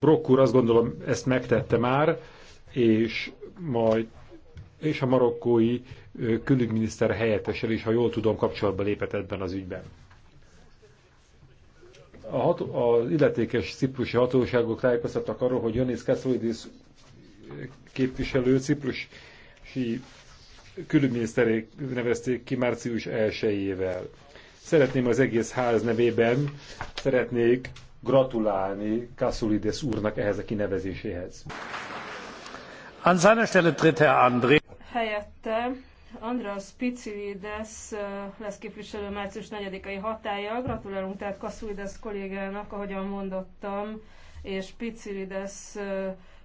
Brock úr azt gondolom ezt megtette már, és majd és a marokkói külügyminiszter helyettesel is, ha jól tudom, kapcsolatba lépett ebben az ügyben. A hat, az illetékes ciprusi hatóságok tájékoztattak arról, hogy Janis Kasszolidis képviselő ciprusi külügyminiszterek nevezték ki március 1-ével. Szeretném az egész ház nevében, szeretnék gratulálni Kasszulides úrnak ehhez a kinevezéséhez. An seiner Stelle tritt Herr André. Helyette András Picilides lesz képviselő március 4-ai hatája. Gratulálunk tehát Kasszulides kollégának, ahogyan mondottam, és Picilides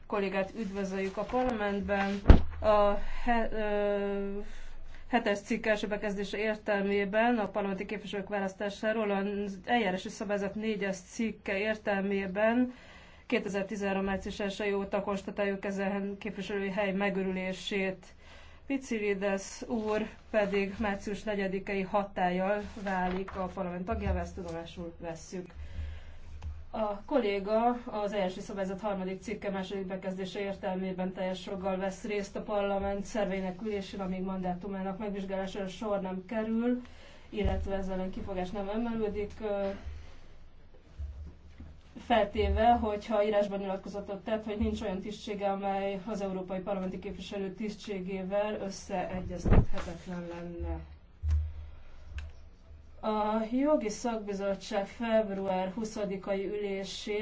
kollégát üdvözöljük a parlamentben. A he, ö, hetes cikk első bekezdése értelmében a parlamenti képviselők választásáról az eljárási szabályzat négyes cikke értelmében 2013. március 1 óta konstatáljuk ezen képviselői hely megörülését. Picilides úr pedig március 4-i hatállyal válik a parlament tagjává, ezt tudomásul vesszük. A kolléga az első szabályzat harmadik cikke második bekezdése értelmében teljes joggal vesz részt a parlament szervének ülésén, amíg mandátumának megvizsgálására sor nem kerül, illetve ezzel ellen kifogás nem emelődik, feltéve, hogyha írásban nyilatkozatot tett, hogy nincs olyan tisztsége, amely az európai parlamenti képviselő tisztségével összeegyeztethetetlen lenne. A jogi szakbizottság február 20-ai ülésén